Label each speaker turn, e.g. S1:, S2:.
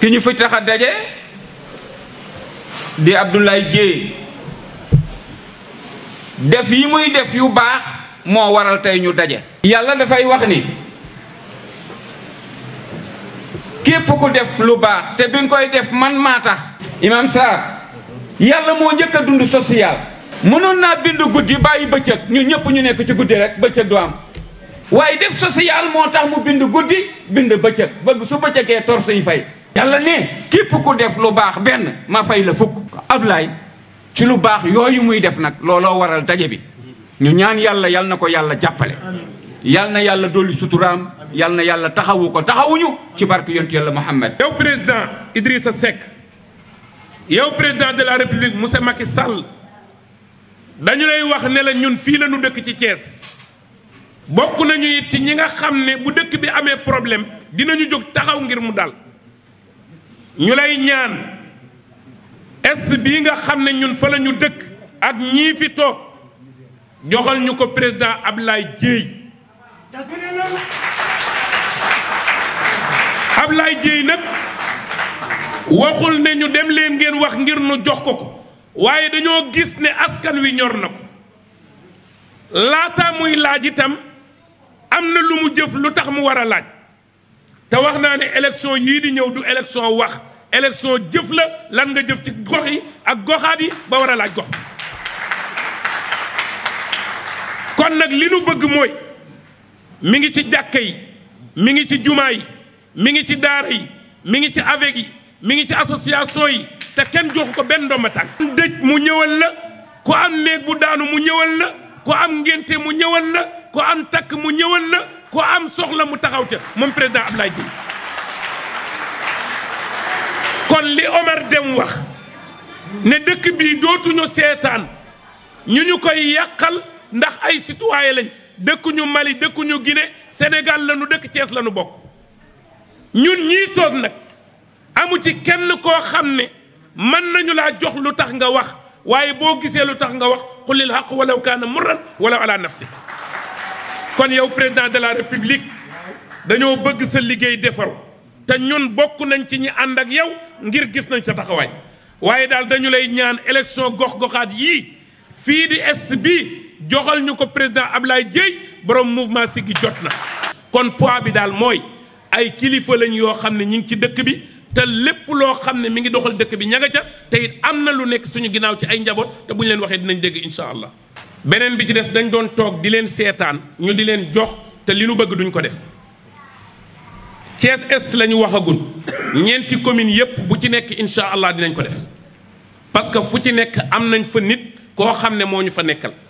S1: ki ñu fecc taxa dajé di Abdoulaye djé def yi muy def yu baax mo waral tay ñu dajé yalla da fay wax ni képp ku def lu baax té bi ngoy def man ma tax imam sa yalla mo ñëk dund social mënon na bind guddii bayyi bëcëk ñu ñëpp ñu nekk ci guddii rek bëcëk do am waye def social mo tax mu bind guddii bind bëcëk bëgg su bëcëké tor suñ fay yàlla ne képp ku def lu baax benn ma fay la fukk Ablaay ci lu baax yooyu muy def nag looloo waral daje bi ñu ñaan yàlla yal na ko yàlla jàppale yal na yàlla dolli suturaam yal na yàlla taxawu ko taxawuñu ci barke yontu yàlla Muhammad
S2: yow président sa Seck yow président de la république monsieur Macky Sall dañu lay wax nela ñun fii la ñu dëkk ci Thiès bokk nañu it ci ñi nga xam ne bu dëkk bi amee problème dinañu jóg taxaw ngir mu dal ñu lay ñaan est bii nga xam ne ñun fa la ñu dëkk ak ñii fi toog joxal ñu ko président Ablaye Dièye Ablaye Dièye nag waxul ne ñu dem leen ngeen wax ngir nu jox ko ko waaye dañoo gis ne askan wi ñor na ko laata muy laaj itam am na lu mu jëf lu tax mu war a laaj te wax naa ne élection yii di ñëw du élection wax élection jëf la lan nga jëf ci gox ak goxaat yi ba war a laaj gox kon nag li nu bëgg mooy mi ngi ci jàkka yi mi ngi ci jumaa yi mi ngi ci daara yi mi ngi ci avec yi mi ngi ci association yi te kenn joxu ko benn ndomba tànk dëj mu ñëwal la ku am néeg bu daanu mu ñëwal la ku am ngénte mu ñëwal la ku am takk mu ñëwal la ku am soxla mu taxaw ca moom président Abdoulaye kon li Omar Deme wax ne dëkk bii dootuñu seetaan ñu ñu koy yàqal ndax ay citoyen lañ dëkkuñu Mali dëkkuñu Guinée Sénégal lañu dëkk cees lañu bokk ñun ñii toog nag amu ci kenn koo xam ne mën nañu laa jox lu tax nga wax waaye boo gisee lu tax nga wax qulil haqq walaw kaana murran walaw ala si kon yow président de la république dañoo bëgg sa liggéey defaru te ñun bokk nañ ci ñi ànd ak yow ngir gis nañ sa taxawaay waaye daal dañu lay ñaan élection gox-goxaat yii fii di est bi joxal ñu président Ablaye Dieye borom mouvement Siggi jotna. na. kon poids bi daal mooy ay kilifa lañ yoo xam ne ñu ngi ci dëkk bi te lépp loo xam ne mi ngi doxal dëkk bi ña nga ca te it am lu nekk suñu ginnaaw ci ay njaboot te bu leen waxee dinañ dégg incha beneen bi ci des dañ doon toog di leen seetaan ñu di leen jox te li lu bëgg duñ ko def cees Est lañu ñu waxagul ñeenti communes yépp bu ci nekk incha allah dinañ ko def parce que fu ci nekk am nañ fa nit koo xam ne moo ñu fa nekkal.